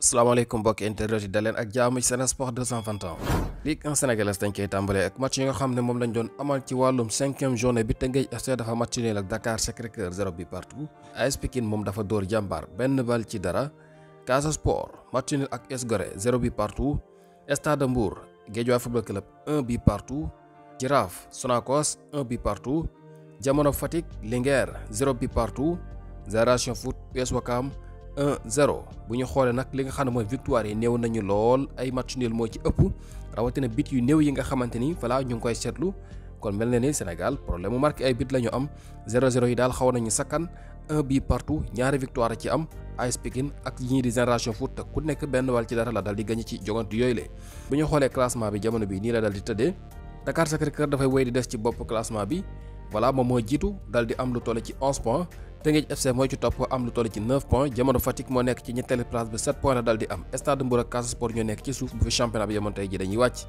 salaamaaleykum mbokki internet yi daleen ak jaamu Sen Sport 221 lik en sénégal dañ koy tàmbalee ak match yi nga xam ne moom lañ doon amal ci wàllum cinquième journée bi Teungueth FC dafa match nul ak Dakar Sacré-Cœur zéro bi partout AS Pikine moom dafa dóor jambar ben bal ci dara Casa Sport match nul ak AS Gorée zéro bi partout Stade Mbour Guédiawaye Football Club un bi partout Jaraaf Sonacos un bi partout Jamono Fatik Linguère zéro bi partout Génération Foot US Ouakam 1-0 bu ñu xoolee nag li nga xam ne mooy victoire yi néew nañu lool ay match nul moo ci ëpp rawatina bit yu néew yi nga xamante ni voilà ñu ngi koy seetlu kon mel na ni Sénégal problème mu marqué ay bit la ñu am 0-0 yi daal xaw nañu sakkan un bi partout ñaari victoire ci am AS Pikine ak ñii di génération foot te ku nekk benn wàll ci dara la dal di gañe ci jogante yooyu la bu ñu xoolee classement bi jamono bi nii la dal di tëddee Dakar Sacré-Cœur di des ci bopp classement bi voilà moom moo jiitu dal di am lu toll ci 11 Teungueth FC mooy ci topp am lu toll ci 9 points jamono Fatick moo nekk ci ñetteelu place bi 7 points la dal di am Stade Mbour ak Casa Sport ñoo nekk ci suuf bu fi championnat bi yemoon tey ji dañuy wàcc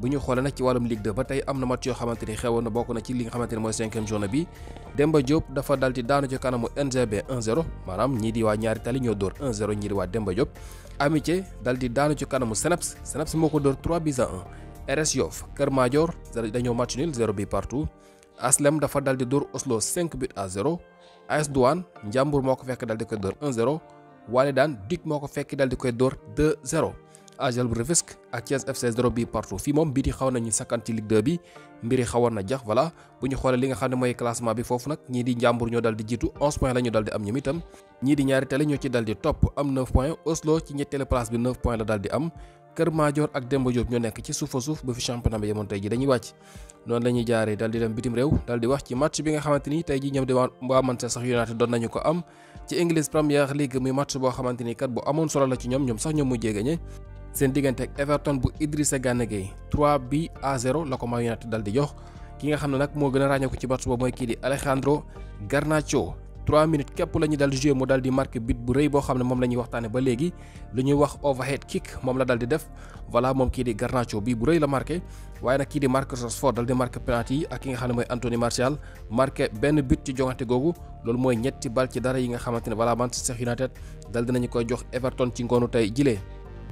bu ñu xoolee nag ci wàllum Ligue 2 ba tey am na match yoo xamante bokk na ci li nga mooy cinquième journée bi Demba Diop dafa dal daanu ci kanamu NGB maanaam ñii di waa ñaari tali ñoo dóor 1-0 ñii di waa Demba Diop Amitié dal daanu ci kanamu Seneps ko dóor 3 buts dañoo match nul 0 bi partout Aslem dafa dal di dóor Oslo 5 buts à 0 AS Douane Ndiambour moo ko fekk dal di koy dóor 1-0 Walidaan Duc moo ko fekk dal di koy dóor 2-0 AGEL bu Rufisque ak Thiès FC 0 bi partout fii moom bii di xaw nañu sakkan ci Ligue 2 bi mbiri xawoon na jax voilà bu ñu xoolee li nga xam ne mooy classement bi foofu nag ñii di Ndiambour ñoo dal di jiitu 11 dal di am ñoom itam ñii di ñaari télé ñoo ci dal di topp am 9 Oslo ci ñetteelu place bi 9 la dal di am Kër Madior ak Demba Diop ñoo nekk ci suufa suuf ba fi championnat bi yemoon tey ji dañuy wàcc noonu la jaaree daal dem bitim réew daal wax ci match bi nga xamante ni ji ñoom di waa Manchester United doon nañu ko am ci English Premier League muy match boo xamante kat bu amoon solo la ci ñoom ñoom sax ñoom mujjee gañe seen diggante ak Everton bu Idrissa Gana Gueye 3 bi à 0 la ko Man United daal jox ki nga xam ne nag moo gën a ràññeeku 3 minutes képp la ñu dal joué mu dal di marqué but bu rëy boo xam ne moom la ñuy waxtaane ba léegi lu ñuy wax overhead kick moom la dal di def voilà moom kii di Garnacho bii bu rëy la marqué waaye nag kii di Marcus Rashford dal di marqué penalty yi ak ki nga xam ne mooy Anthony Martial marqué benn but ci jongante googu loolu mooy ñetti bal ci dara yi nga xamante ne voilà Manchester United dal dinañu koy jox Everton ci ngoonu tey jilee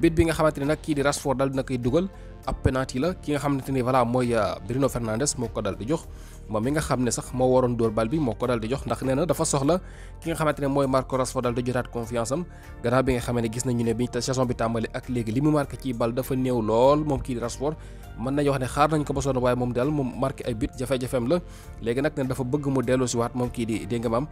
bit bi nga xamante n nag kii di Rashford dal dina koy dugal ab penalty la ki nga xamante ni euh, Bruno Fernandes moo dal di jox moom mi nga xam ne sax moo waroon dóor bal bi moo dal di jox ndax nee na dafa soxla ki nga xamante ne mooy Marco Rashford dal di jotaat confiance am gannaaw bi nga xamee ne gis nañu ne bi saison bi tàmbali ak léegi li marqué ci bal dafa néew lool di Rashford mën nañu wax ne xaar nañ ko ba sonn waaye moom daal moom marqué ay but jafe-jafeem la léegi nag ne dafa bëgg mu di dégg am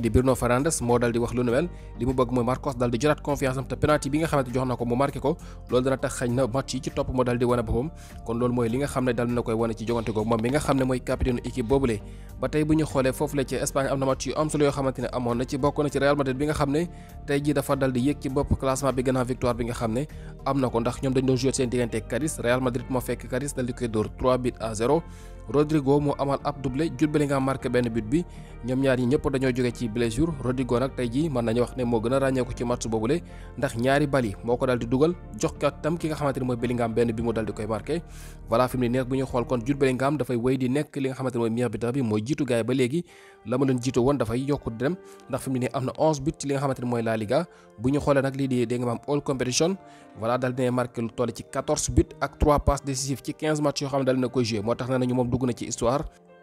di Bruno Fernandes moo dal di wax lu nu mel li bëgg mooy Marcos dal di jotaat confiance am te penalty bi nga xamante jox ko mu marqué ko loolu dana tax na match ci dal di wane boppam kon loolu mooy li nga xam ne daal dina koy wane ci jogante googu moom mi nga xam ne mooy capitaine équipe boobule ba tey bu ñu xoolee foofu la ci Espagne am na match yu am solo yoo xamante ne amoon na ci bokk na ci Real Madrid bi nga xam ne tey ji dafa dal di yéeg ci bopp classement bi gannaaw victoire bi nga xam ne am na ko ndax ñoom dañ doon joué seen diggante Cadiz Real Madrid moo fekk Cadiz dal di koy dóor 3 buts à 0 Rodrigo moo amal ab doublé Jude Bellingham marqué benn but bi ñoom ñaar ñi ñëpp dañoo jóge ci blessure Rodrigo nag tey jii mën nañu wax ne moo gën a ràññeeku ci match boobule ndax ñaari bali moo ko dal di dugal jox ko tam ki nga xamante ni mooy Bellingham benn bi mu dal di koy marqué voilà fi mu ne nag bu ñu xool kon Jude Bellingham dafay wéy di nekk li nga xamante ni meilleur buteur bi mooy jiitu gaay ba léegi la ma leen jiitu woon dafay yokku dem ndax fi mu ne 11 but ci li nga La Liga di nga am all competition voilà dal dina marqué lu ci 14 but ak 3 passes décisives ci 15 match yoo xam dal na koy dugg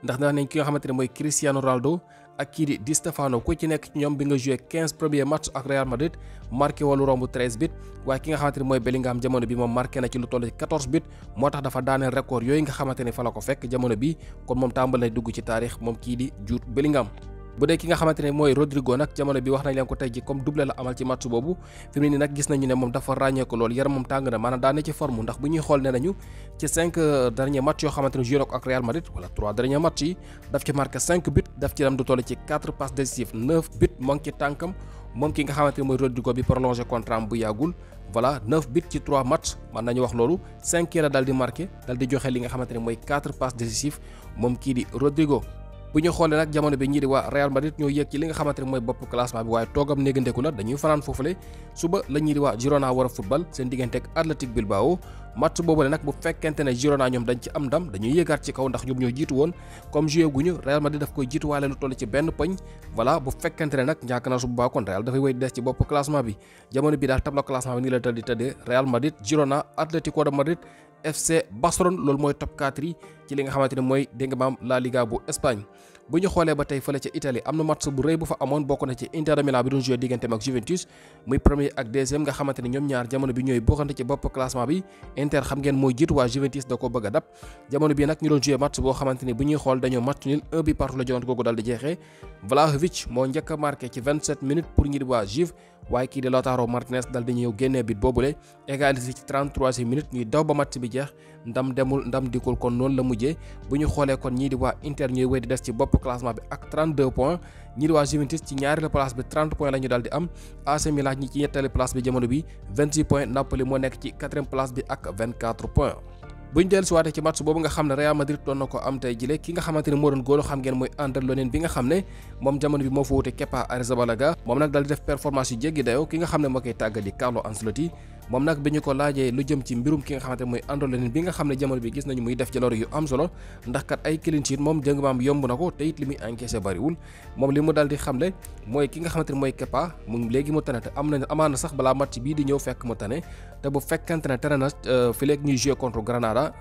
ndax dana nañ ki nga xamante mooy Cristiano Ronaldo ak kii di Di Stefano ku ci nekk ci ñoom bi nga joué premier match ak Real Madrid marqué wala romb 13 waaye ki nga xamante mooy Bellingham jamono bi moom marqué na ci lu toll ci 14 moo tax dafa daaneel record yooyu nga xamante ne ko fekk jamono bi kon moom tàmbal na dugg ci taarix moom kii di Jude Bellingham bu dee ki nga xamante mooy Rodrigo nag jamono bi wax nañ leen ko tey comme doublé la amal ci match boobu fi mu gis nañu ne moom dafa ràññee loolu yaram moom tàng na maanaam daane ci forme ndax bu ñuy xool ne nañu ci cinq derniers match yoo xamante ne joué na ko ak Real Madrid wala trois derniers match yi daf ci marqué cinq buts daf ci ram du toll ci quatre passes décisives neuf buts moo ngi ci tànkam moom ki nga xamante mooy Rodrigo bi prolongé contrat bu yàggul voilà neuf buts ci trois matchs mën nañu wax loolu cinq la daal di marqué daal di joxe li nga xamante ne mooy quatre passes décisives moom kii di Rodrigo bu ñu xoolee nag jamono bi ñii di waa Real Madrid ñoo yéeg ci li nga xamante ne mooy bopp classement bi waaye toogam néegandeku la dañuy fanaan foofule suba la ñii di waa Girona war a football seen diggante ak Athletic Bilbao match boobule nag bu fekkente ne Girona ñoom dañ ci am ndam dañuy yéegaat ci kaw ndax ñoo jiitu woon comme joué guñu Real Madrid daf koy jiituwaale lu toll ci benn poñ voilà bu fekkente ne nag ñàkk na su boobaa kon FC Barcelone loolu mooy top 4 ci li nga xamante mooy dégg La Liga bu Espagne bu ñu xoolee ba tey fële ca Italie am na match bu rëy bu fa amoon bokk ci Inter Milan bi doon joué digganteem ak Juventus muy premier ak deuxième nga xamante ñoom ñaar jamono bi ñooy bokkante ci bopp classement bi Inter xam ngeen mooy jiitu waa Juventus da ko bëgg dab jamono bi nag ñu doon joué match boo xamante ne ñuy xool dañoo match nul un bi partout waaye kii di Lautaro Martinez dal di ñëw génnee bit boobule égalisé ci 33e minute ñuy daw ba match bi jeex ndam demul ndam dikul kon noonu la mujjee bu ñu xoolee kon ñii di waa Inter ñuy wéy di des ci bopp classement bi ak 32 points ñii di waa Juventus ci ñaareelu place bi 30 points la ñu am AC Milan ñi ci ñetteelu place bi jamono bi 26 points Napoli moo nekk ci quatrième place bi ak 24 points buñ dellusiwaatee ci match boobu nga xam ne Real Madrid doon na ko am tey jile ki nga xamante ne moo doon góolu xam ngeen mooy Ander Lonin bi nga xam ne moom jamono bi moo fa wute Kepa Arrizabalaga moom nag daal di def performance yu jéggi dayoo ki nga xam ne moo koy tàggat di Carlo Ancelotti moom nag bi ñu ko laajee lu jëm ci mbirum ki nga xamante mooy Andolin bi nga xam ne jamono bi gis nañu muy def jaloor yu am solo ndax kat ay clean sheet moom jëng maam yomb na ko te it li muy encaissé bariwul moom li mu daal di xamle mooy ki nga xamante ne mooy Kepa mu léegi mu tane na amaana sax balaa match bii di ñëw fekk mu tane te bu fekkante ne tane na euh, fi léegi ñuy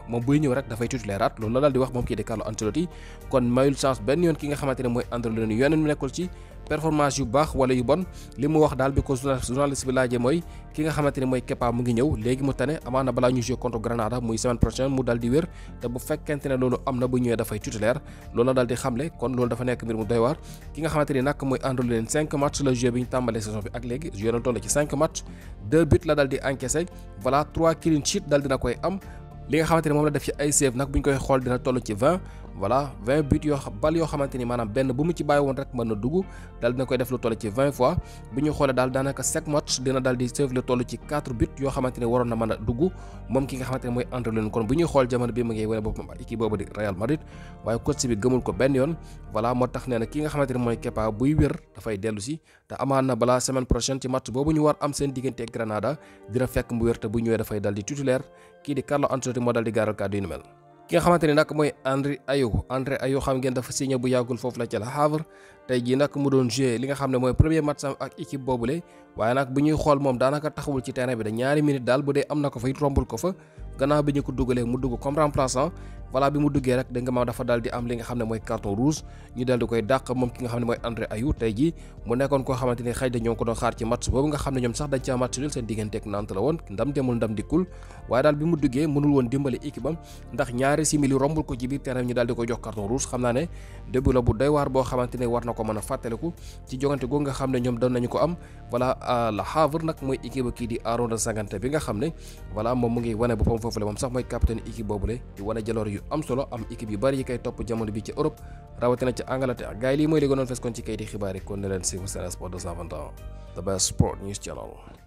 moom buy ñëw rek dafay titulairaat loolu la daal di wax moom kii di Carlo Ancelotti kon mayul yoon ki nga xamante ne mooy Andolin yoon mi nekkul ci performance yu bax wala yu bon limu wax dal bi ko journaliste bi laaje moy ki nga xamanteni moy Kepa mu ngi ñëw legi mu tane amana bala ñu jouer contre Granada muy semaine prochaine mu dal di wér te bu fekkente ne loolu am bu ñewé da fay tutelaire lolu dal di xamle kon loolu dafa nekk mbir mu doy war ki nga xamanteni nak moy andul len 5 matchs le jeu biñu tambalé saison bi ak legi jeu na tollé ci 5 matchs 2 buts la dal di encaisser voilà 3 clean sheet dal dina koy am li nga xamante ni moom la def ci ay save nag bu ñu koy xool dina toll ci 20 voilà 20 but yoo bal yoo xamante ni maanaam benn bu mu ci bàyyi woon rek mën na dugg daal dina koy def lu toll ci 20 xoolee daal daanaka chaque match dina daal di save lu toll ci 4 but yoo xamante ni waroon na mën a dugg moom ki nga xamante ni mooy Leen kon bu ñuy xool jamono bi mu ngi wane boppam équipe boobu di Real Madrid waaye coach bi gëmul ko benn yoon voilà moo tax nee na ki nga xamante ni mooy Kepa buy wér dafay te amaan na balaa semaine prochaine ci match boobu ñu war am seen diggante ak Granada dina fekk mu wér te bu ñëwee dafay dal di titulaire kii di Carlo Ancelotti moo dal di gaaral kàddu mel. ki nga xamante ni nag mooy André Ayew André Ayew xam ngeen dafa signé bu yàggul foofu la ca Le Havre tey jii nag mu doon joué li nga xam ne mooy premier match am ak équipe boobule waaye nag bu ñuy xool moom daanaka taxawul ci terrain bi da ñaari minute daal bu dee am na gannaaw bi ñu ko dugalee mu dugg comme remplaçant voilà bi mu duggee rek dégg maam dafa daal di am li nga xam ne mooy carton rouge ñu daal di koy dàq moom ki nga xam ne mooy André Ayew tey jii mu nekkoon koo xamante ni xëy na ñoo ngi ko doon xaar ci match boobu nga xam mu duggee mënul woon dimbali équipe ñu daal di koy jox carton rouge xam naa ne début la bu doy waar boo xamante war na ko mën a fàttaliku ci jogante googu nga xam ne ñoom doon nañu ko am voilà foofule moom sax mooy capitaine équipe boobule di wane jaloor yu am solo am équipe yu bari yi koy topp jamono bi ci Europe rawatina ci Angleterre gars yi lii mooy li gënoon fes kon ci kayiti xibaar yi kon ne si Sen Sports 221 the best sport news channel